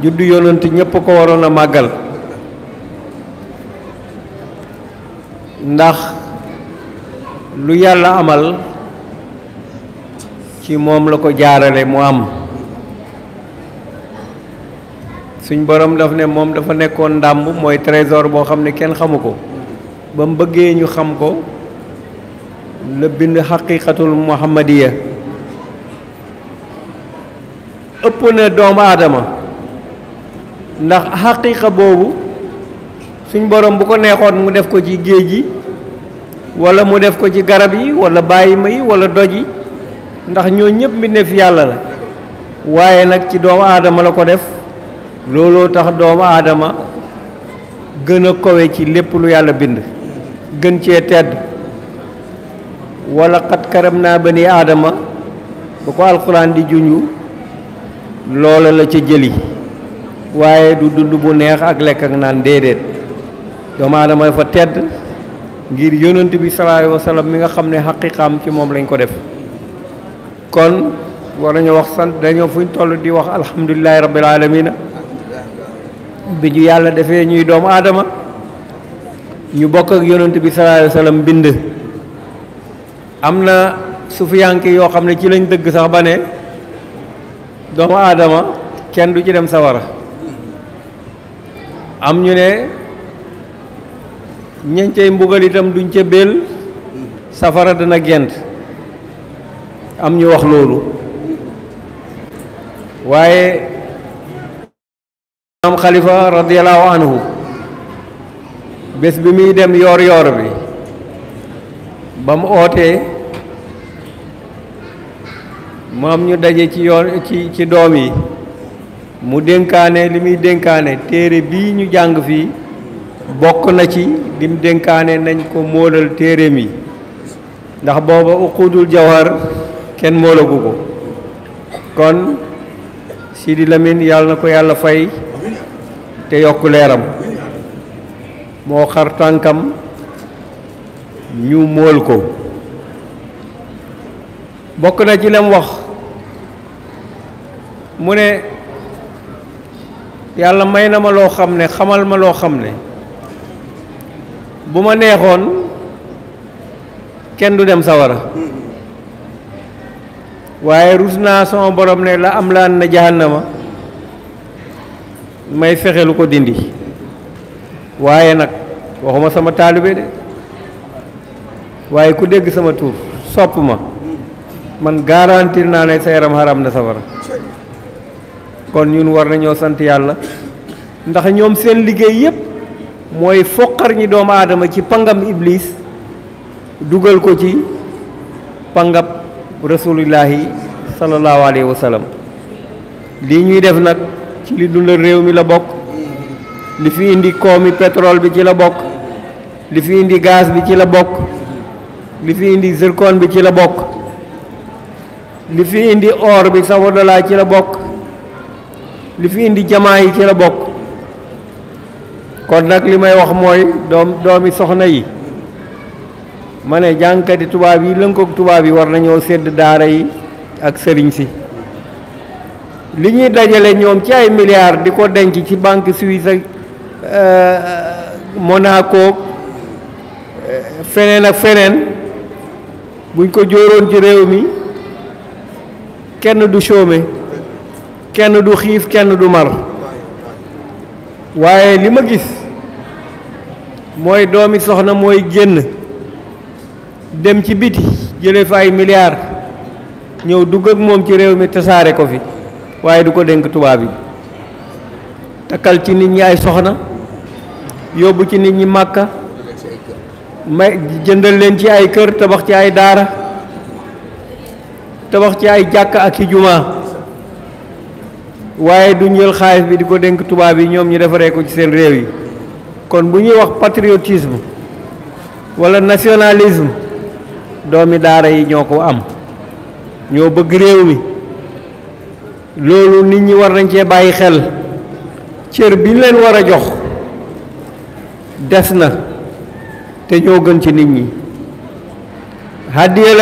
juddu yonent ñépp ko waroon a màggal ndax lu yàlla amal ci moom la ko jaarale mu am suñ boroom daf ne moom dafa nekkoon ndàmb mooy trésor boo xam ne kenn xamu ko ba mu bëggee ñu xam ko la bind xaqiqatul muhammadiya ëpp na doomu aadama ndax xaqiqa boobu suñ borom bu ko neexoon mu def ko ci géej gi wala mu def ko ci garab yi wala bàyyi ma yi wala doj yi ndax ñoo ñëpp mbindeef yàlla la waaye nag ci doomu aadama la ko def looloo tax doomu aadama gën a kowe ci lépp lu yàlla bind gën cee tedd wala xat karam naa ni aadama bu ko alxuraan di junju loola la ca jëli waye du dund bu neex ak lek ak dedet do ma aadama fa tedd ngir yonent bi sallallahu alaihi wasallam mi nga xamne ne ci mom lañ ko def kon war nañu wax sant dañu fuñ tollu di wax alhamdullilah rabbil alamin bi ñu yalla defé ñuy doom adama ñu bokk ak yonent bi sallallahu alaihi wasallam bind amna sufyan sufiyanke yo xamne ci lañ dëgg sax bané doom adama kenn du ci dem sawara am ñu ne ñeñ cay mbugal itam duñ ca béel safara dana gent am ñu wax loolu waaye imaam xalifa radiallahu anhu bés bi muy dem yoor yoor bi ba mu ootee mu am ñu daje ci yoon ci ci doom yi mu dénkaane li muy dénkaane téere bii ñu jàng fii bokk na ci lim dénkaane nañ ko móolal téere mi ndax booba uqudul jawar kenn moolagu ko kon Sidi lamin yàlla na ko yàlla fay te yokk leeram moo xar tànkam ñu mool ko bokk na ci lam wax mu ne yàlla may na ma loo xam ne xamal ma loo xam ne bu ma neexoon kenn du dem sawara waaye rus naa sama borom ne la am laan na jahannama may fexe lu ko dindi waaye nag waxuma sama taalibe de waaye ku dégg sama tuur sopp ma man garantir naa ne sa yaram xaram na sawara kon ñun war nañoo sant yàlla ndax ñoom seen liggéey yépp mooy foqar ñi doomu aadama ci pangam iblis dugal ko ci pangab rasulillahi sallallahu alayhi wa sallam lii ñuy def nag ci li dundal réew mi la bokk li fi indi koomi pétrole bi ci la bokk li fi indi gaz bi ci la bokk li fi indi zircon bi ci la bokk li fi indi or bi sabodola ci la bokk li fi indi jamaa yi ci la bokk kon nag li may wax mooy doom doomi soxna yi ma ne jànkati tubaab yi lënkoog tubaab yi war nañoo sédd daara yi ak sëriñ si li ñuy dajale ñoom ci ay milliards di ko denc ci banque suisse ak euh, Monaco euh, feneen ak feneen buñ ko jóoroon ci réew mi kenn du chômé kenn du xiif kenn du mar waaye li ma gis mooy doomi soxna mooy génn dem ci biti jële fa ay milliards ñëw dugg ak moom ci réew mi tasaare ko fi waaye du ko dénk tubaab yi takkal ci nit ñi ay soxna yóbbu ci nit ñi màkka may jëndal leen ci ay kër tabax ci ay daara tabax ci ay jàkk ak ci jumaa waaye duñ jël xaalis bi di ko dénk tubaab yi ñoom ñu defaree ko ci seen réew yi kon bu ñuy wax patriotisme wala nationalisme doomi daara yi ñoo ko am ñoo bëgg réew mi loolu nit ñi war nañ cee bàyyi xel cër bi leen war a jox des na te ñoo gën ci nit ñi hàddiya la